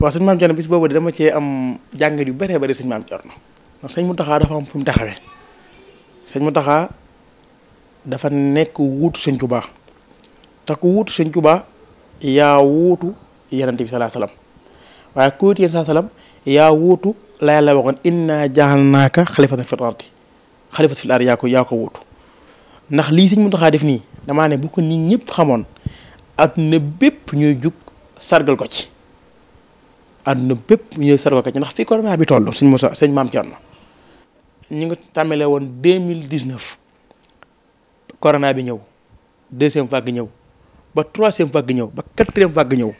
waaw sëñ maam Thierno bis boobu de dama cee am jàngat yu bëree bëri sëñ maam Thierno ndax mu Mountakha dafa am fu mu taxawee mu Mountakha dafa nekk wuutu sëñ Touba te ku wuutu sëñ Touba yaa wuutu yonente bi salaa salaam waaye ku wuutu yaa wuutu la yàlla waxoon inna jaalnaaka xalifatan fil ardi xalifat fil ardi yaa ko yaa ko wuutu ndax lii sëñ Mountakha def nii damaa ne bu ko nit ñépp xamoon adduna bépp ñuy jug sargal ko ci. àdduna bépp ñu sargal ko ci ndax fii corona bi toll sëñ Moussa sëñ Maam Thierno ñu ngi tàmbalee woon deux mille dix neuf corona bi ñëw deuxième vague ñëw ba troisième vague ñëw ba quatrième vague ñëw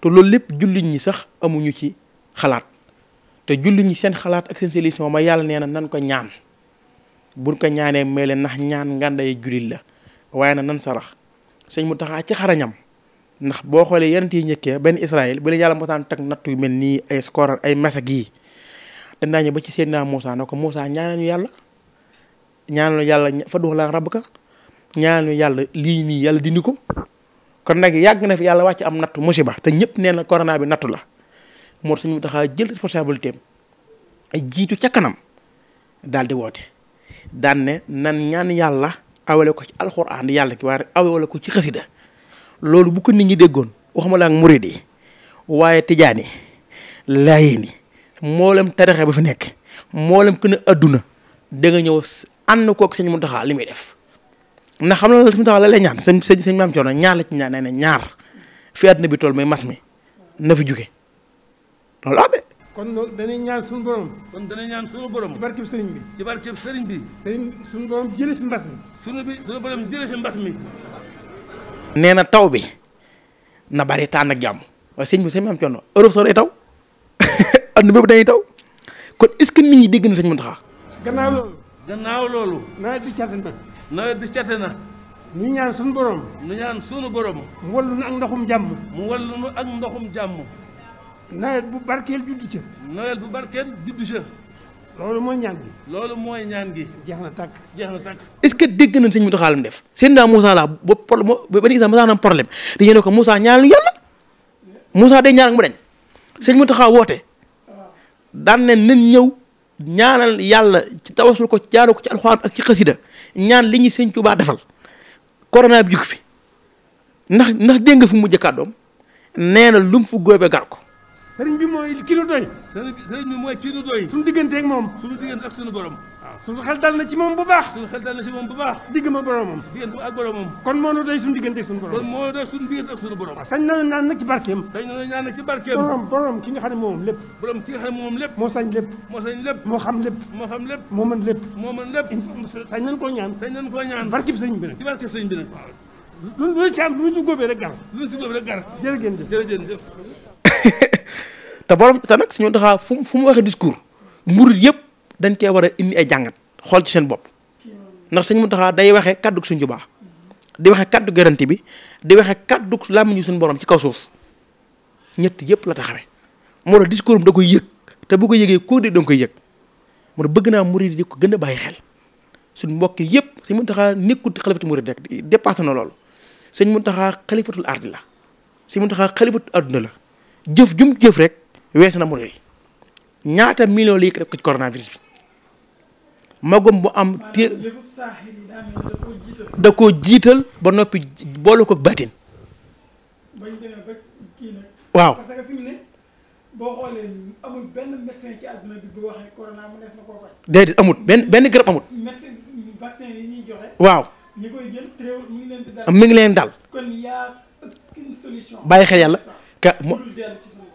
te loolu lépp jullit ñi sax amuñu ci xalaat te jullit ñi seen xalaat ak seen solution ma yàlla nee na nan ko ñaan buñ ko ñaanee may leen ndax ñaan ngàndaye jullit la waaye na nan sarax sëñ mu taxaa ci xarañam ndax bo xolé yonent yi njëkkee benn Israël bu leen yalla mosaan tak natt yu mel ay score ay masak yi danaa ñëw ba ci Seydina Moussa na ko ñaanal ñu yalla ñaanal ñu fa fad'u la rabbaka ñaanal ñu yàlla lii nii yàlla dindi ko kon nak yag na fi yalla wacc am nattu musiba te ñëpp neena corona bi nattu la mo suñu taxa jël responsabilité ay jitu ca kanam daal di woote daan ne nan ñaan yalla awale ko ci alcorane yalla ki war awale ko ci khasida loolu bu ko nit ñi déggoon waxuma la ak murid waaye tijaan yi laayeen yi mboolem tarixa ba fi nekk mboolem ku ne àdduna da nga ñëw ànd kook sëñ Muntaxa li muy def ndax xam na la sëñ Muntaxa la lay ñaan sëñ sëñ sëñ maam Cerno ñaar la ci ñaan nee na ñaar fi àdduna bi tool mooy mas mi na fi jóge loolu am kon loolu dañuy ñaan suñu borom. kon dañuy ñaan bi. ci barkeb sëriñ bi. sëriñ suñu borom fi mbas mi. suñu bi suñu borom jëlee fi mbas mi. nee na taw bi na bari tànn ak jàmm waaye sëñ bi sëñ maam Thierno Europe sax day taw àdduna bépp dañuy taw kon est nit ñi dégg na sëñ Mountakha. gannaaw loolu. gannaaw loolu. nawet bi cate na. nawet bi na. ñu ñaan suñu borom. ñu ñaan sunu borom. mu wallu nu ak ndoxum jàmm. mu wallu nu ak ndoxum jàmm. nawet bu barkeel juddu ca. nawet bu barkeel juddu ca. loolu mooy ñaan gi. loolu mooy ñaan gi. jeex na tàkk jeex na tàkk. est-ce que dégg nañ sëñ Mountakha lu mu def seen daa Moussa laa ba problème ba ba Isa Moussa am problème dañu ne ko Moussa ñaanal yàlla Moussa day ñaan mu dañ sëñ woote daan ne nañ ñëw ñaanal yàlla ci tawasul ko jaaroo ko ci alxuraan ak ci xasida ñaan li ñuy sëñ Tuubaa defal corona bi jug fi ndax ndax dégg nga fu mu mujj kàddoom nee na lu fu góobee gar ko. sëriñ bi mooy ki nu doy sëriñ bi mooy moom suñu diggante ak suñu borom waaw suñu dal na ci moom bu baax suñu xel dal na ci moom bu baax digg ma boromam diggante ak boromam kon moo nu doy suñu borom kon moo ak suñu borom waaw sañ na naan nag ci na naan borom borom ki moom lépp borom ki moom lépp moo sañ lépp moo sañ lépp moo xam lépp moo xam lépp moo mën moo mën lépp sañ nañ koo ñaan sañ nañ bi nag ci barkeb sëriñ bi nag gar ta borom ta nak suñu dafa fu mu fu mu discours mourid yëpp dañ ci wara indi ay jangat xol ci seen bop nak suñu Muntaxa day waxe kaddu suñu ju baax di waxe kaddu garanti bi di waxe kaddu làmmiñu suñu borom ci kaw suuf ñet yëpp la taxawé mo tax discours am da koy yek te bu ko yegge ko di dang koy yek mo tax bëgg naa murit di ko gëna baye xel suñ mbokk yëpp sëñ Muntaxa nekkut xalifatu mourid rek dépassé na loolu sëñ Muntaxa xalifatul ardi la sëñ Muntaxa xalifatu aduna la jëf jum jëf rek. weesu na mu rëy ñaata millions lay def ko coronavirus bi magum bu am. da koo jiital ba noppi boole ko baatin. waaw parce que amut benn benn garab amut. waaw ñi ngi leen di bàyyi xel yàlla ka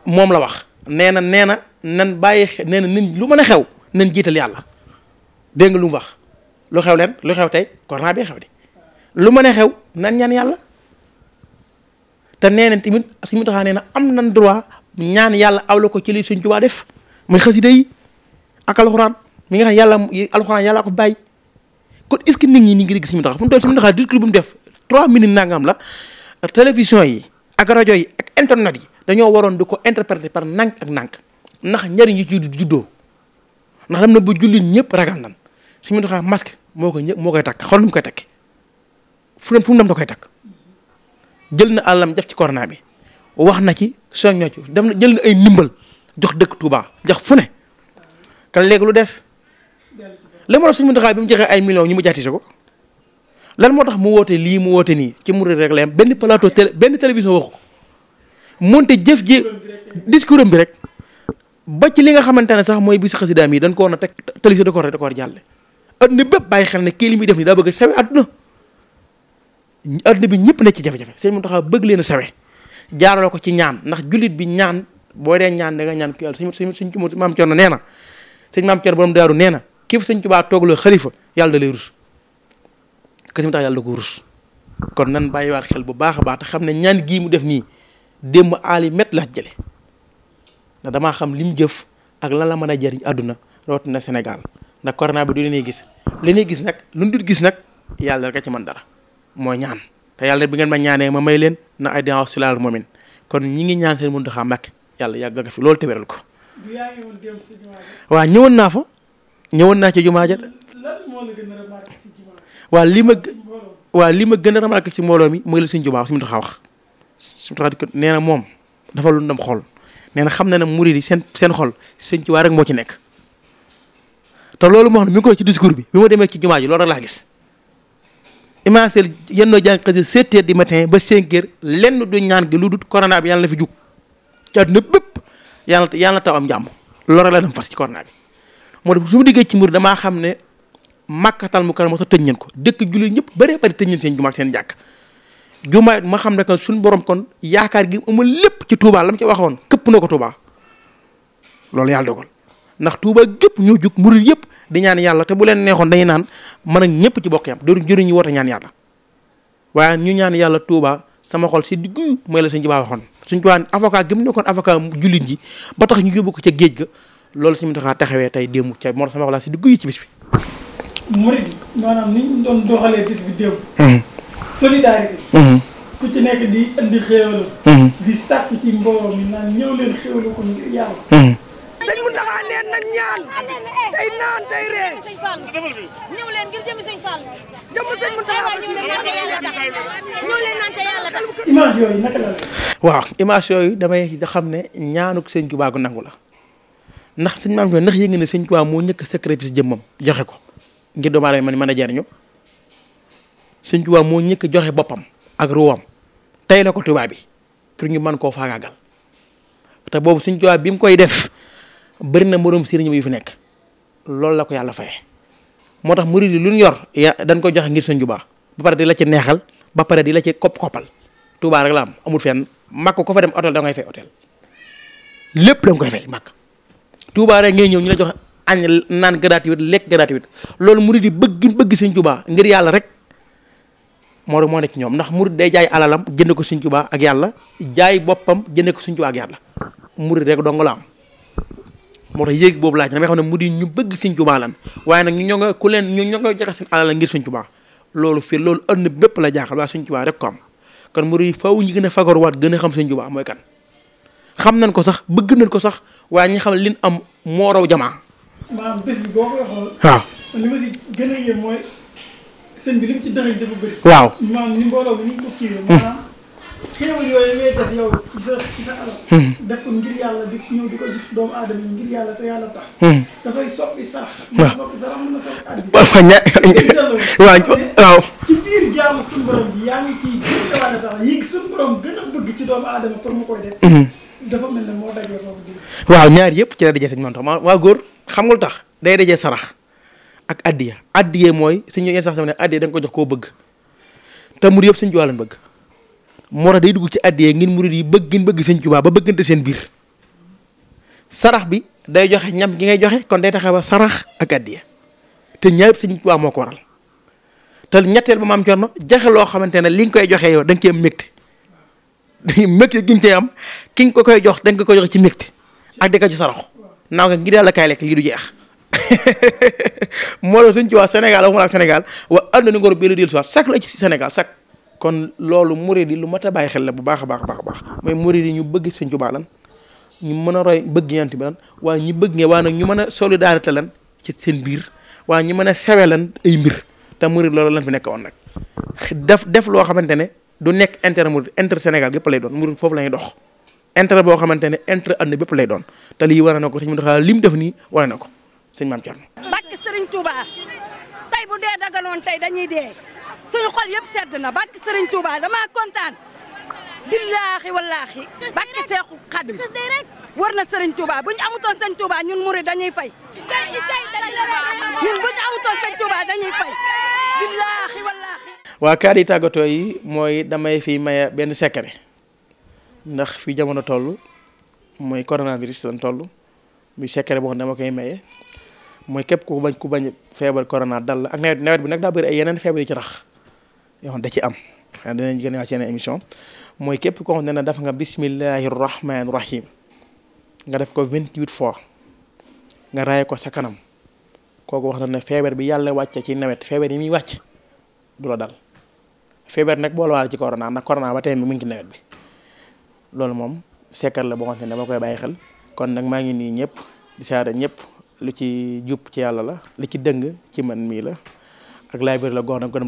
moom la wax. nee na nee na nan bàyyi xe nee na nin lu mën a xew nan jiital yàlla dégg nga lu mu wax lu xew leen lu xew tey corona bi xew de lu mën a xew nan ñaan yàlla te nee na tamit suñu taxaa nee na am nan droit ñaan yàlla aw la ko ci li suñ Tuubaa def muy xasida yi ak alxuraan mi nga xam yàlla alxuraan yàlla ko bàyyi kon est-ce que nit ñi ni ngi dégg suñu taxaa fu mu toll suñu taxaa discours bu mu def trois minutes nangam la télévision yi ak rajo yi ak internet yi dañu waron diko interpréter par nank ak nank nax njariñ yi ci juddoo ndax dem na ba jullit ñëpp ragal nan suñu ñu xam masque moo koy ñëpp moo koy takk xool nu mu koy takk fu dem fu mu dem da koy takk jël na àllam def ci corona bi wax na ci soññoo ci def na jël na ay ndimbal jox dëkk Touba jox fu ne kan léegi lu des lan mo suñu suñu xam bi mu joxee ay millions ñu mu jaatise ko lan moo tax mu woote lii mu woote nii ci murid rek la plateau télé benn télévision moonte jëf ji discours am bi rek ba ci li nga xamante ne sax mooy bii bisu xasidaam yi dañ ko war a teg télévision da ko war da ko war jàlle adduna bépp bàyyi xel ne kii li muy def ni daa bëgg a sawe adduna adduna bi ñëpp ne ci jafe-jafe sëñ Muntaxa bëgg leen a sawe jaarale ko ci ñaan ndax jullit bi ñaan boo dee ñaan da ñaan ku yàlla sëñ sëñ maam Cerno nee na sëñ maam Cerno borom daaru nee na kii fa sëñ Tuubaa toogloo xalifa yàlla da lay rus kër si mu tax yàlla ko rus kon nan bàyyiwaat xel bu baax a baax xam ne ñaan gii mu def nii dem ali met la jele na dama xam lim jëf ak lan la mën a aduna rot na Senegal. na corona bi du leni gis leni gis nak lu ndut gis nak yalla rek ci man dara moy ñaan te yalla bi ngeen ma ñaané ma may leen na ay dinaa silal moomin kon ñi ngi ñaan seen mundu Mbàkke yàlla yàggal ko fi loolu téwéral ko wa ñewon na fa ñewon na ci jumaaja wa lima wa lima gëna li ci mbolo mi mooy la suñ jumaa suñu xaw wax suñu taxaw nee na moom dafa lu ndam xol nee na xam na ne murid yi seen seen xol sëñ Tuubaa rek moo ci nekk te loolu moo xam ne mi ngi koy ci discours bi bi ma demee ci jumaa ji loolu rek laa gis. yenn noo jàng xëy sept matin ba cinq lenn du ñaan gi lu dut corona bi yàlla na fi jug ci àdduna bépp yàlla yàlla na am jàmm loolu rek la dem fas ci corona moo tax su ci murid damaa xam ne màkkatal mu kanam sa tëj ngeen ko dëkk jullit ñëpp bëree bëri tëj ngeen seen jumaa seen jàkk juma ma xam rek sun borom kon yaakar gi amul lepp ci Touba lam ci waxoon kep noko Touba lolou yalla dogal ndax Touba gep ñu juk murid yep di ñaan yalla te bu len neexon dañuy naan man ak ñepp ci bokkam do dootuñ ñu wota ñaan yalla waya ñu ñaan yalla Touba sama xol ci diggu moy la señ ci baa señ suñ avocat gi mu nekkoon avocat julit ji ba tax ñu yobuko ci geejga lolou señ loolu taxawé tay demu ci mo sama xol ci si diggu yi ci bis bi. murid manam ni ñu doon doxale bis bi démb. Hmm. solidarité. Mm-hmm. ku ci nekk di indi mm-hmm. mm-hmm. neen na ñaan tey naan tey ree. ngir jëm sëñ Fall. tax waaw image yooyu damay xam ne ñaanuk sëñ Tuubaa gu nangu la ndax sëñ maam ndax yëngu ne sëñ Tuubaa moo ñëkk a secrétaire jëmmam joxe ko ngir doomu aadama mën a jariñu suñ Tuubaa moo ñëkk joxe boppam ak ruwam tey la ko tubaab bi pour ñu mën koo faagaagal te boobu suñ Tuubaa bi mu koy def bëri na moroom sëriñ yu fi nekk loolu la ko yàlla faye moo tax murid yi lu ñu yor ya dañ ko joxe ngir sëñ Tuubaa ba pare di la ci neexal ba pare di la ci kopp koppal tubaa rek la am amul fen màkk ko fa dem hôtel da ngay fay lépp da koy fay màkk Tuubaa rek ngay ñëw ñu la jox añ naan gratuit lekk gratuit loolu mu yi bëgg bëgg sëñ Tuubaa ngir yàlla rek. moo moo ne ñoom ndax murid day jaay alalam jënd ko Sëriñ Tuubaa ak yàlla jaay boppam jënd ko Sëriñ Tuubaa ak yàlla murid rek dong la am moo tax yéeg boobu laaj damay xam ne murid ñu bëgg Sëriñ Tuubaa lan waaye nag ñu ñoo nga ku leen ñu ñoo nga jaxe seen alal ngir Sëriñ Tuubaa loolu fii loolu ënn bépp la jaaxal waaye Sëriñ Tuubaa rek ko am kon murid faaw ñu gën a fagaruwaat gën a xam Sëriñ Tuubaa mooy kan xam nañ ko sax bëgg nañ ko sax waaye ñi xam ne am moo raw jamaa maanaam bés sëñ bi lim ci dëxëñ dafa bëri. waaw maanaam mbooloo bi ni ñu ko kiiwee. Hmm. maanaam xéewal ci sa hmm. di waaw hmm. soppi sarax ci a wàllu ñaar yëpp ci la dajee sëñ man tax ma waa góor xam nga tax day dajee sarax ak adiya adiya moy seigneur yenn sama adiya dang ko jox ko bëgg ta mourid yëpp seigneur Tuubaa lañ bëgg moo day dugg ci adiya ngin mourid yi bëgg ngeen bëgg seigneur touba ba bëggante seen bir sarax bi day joxe ñam gi ngay joxe kon day taxaw sarax ak adiya te ñaar seigneur touba moko waral te ñettel ba ma am coono jaxe loo xamante li ngi koy joxe yow dang nga mekti mégte mégte gi nga cee am ki nga ko koy jox dang ko koy jox ci mekti ak de ko ci sarax naw nga ngi daal kay lek li du jeex. moo la sëñ senegal Sénégal waxuma ak Sénégal wa andu ngor bi la dellu si sax la ci senegal sak kon loolu mouride lu mata baye xel la bu baakha baakha baakha a baax mooy murid ñu bëgg seigne Tuubaa lan ñu mëna roy bëgg yant bi lan wa ñu bëgg nga wa nak ñu mëna solidarité lan ci seen bir wa ñu mëna a lan ay mbir ta mouride loolu lan fi nekk won nak def def lo xamantene du nek inter mouride inter senegal gep lay doon mouride fofu la dox intérêt bo xamantene ne and bepp lay doon te li warana na ko seigne Muntaxa lim def ni warana na ko sëñ maam Thierno. tey bu dee daganoon tey dañuy dee suñu xol yëpp sedd na barke Serigne Touba damaa kontaan billaahi wallaahi barke Seexu Xadim war na Serigne Touba bu ñu amutoon sëñ Touba dañuy fay billaahi waa kàddu yi tàggatoo yi mooy damay fi maye benn secret ndax fi jamono toll mooy coronavirus lañ toll muy secret boo xam dama koy maye. moy kep ku bañ ku bañ feebar corona dal ak nawet bi nak da bëri ay yenen feebar ci rax yoo da ci am xanaa dinañ gën wax ci ene émission moy kep ko xone na dafa nga bismillahir rahmanir rahim nga def ko 28 fois nga raay ko sa kanam kooku wax na ne feebar bi yalla wacc ci nawet feebar yi mi wacc du la dal feebar nak bo waale ci corona nak corona ba mi mu ngi ci bi lolum mom sekkal la bo xone ne dama koy bàyyi xel kon nak ma ngi ni ñepp di saara ñepp lu ci jub ci yàlla la lu ci dëng ci man mii la ak laay biir la gox na ko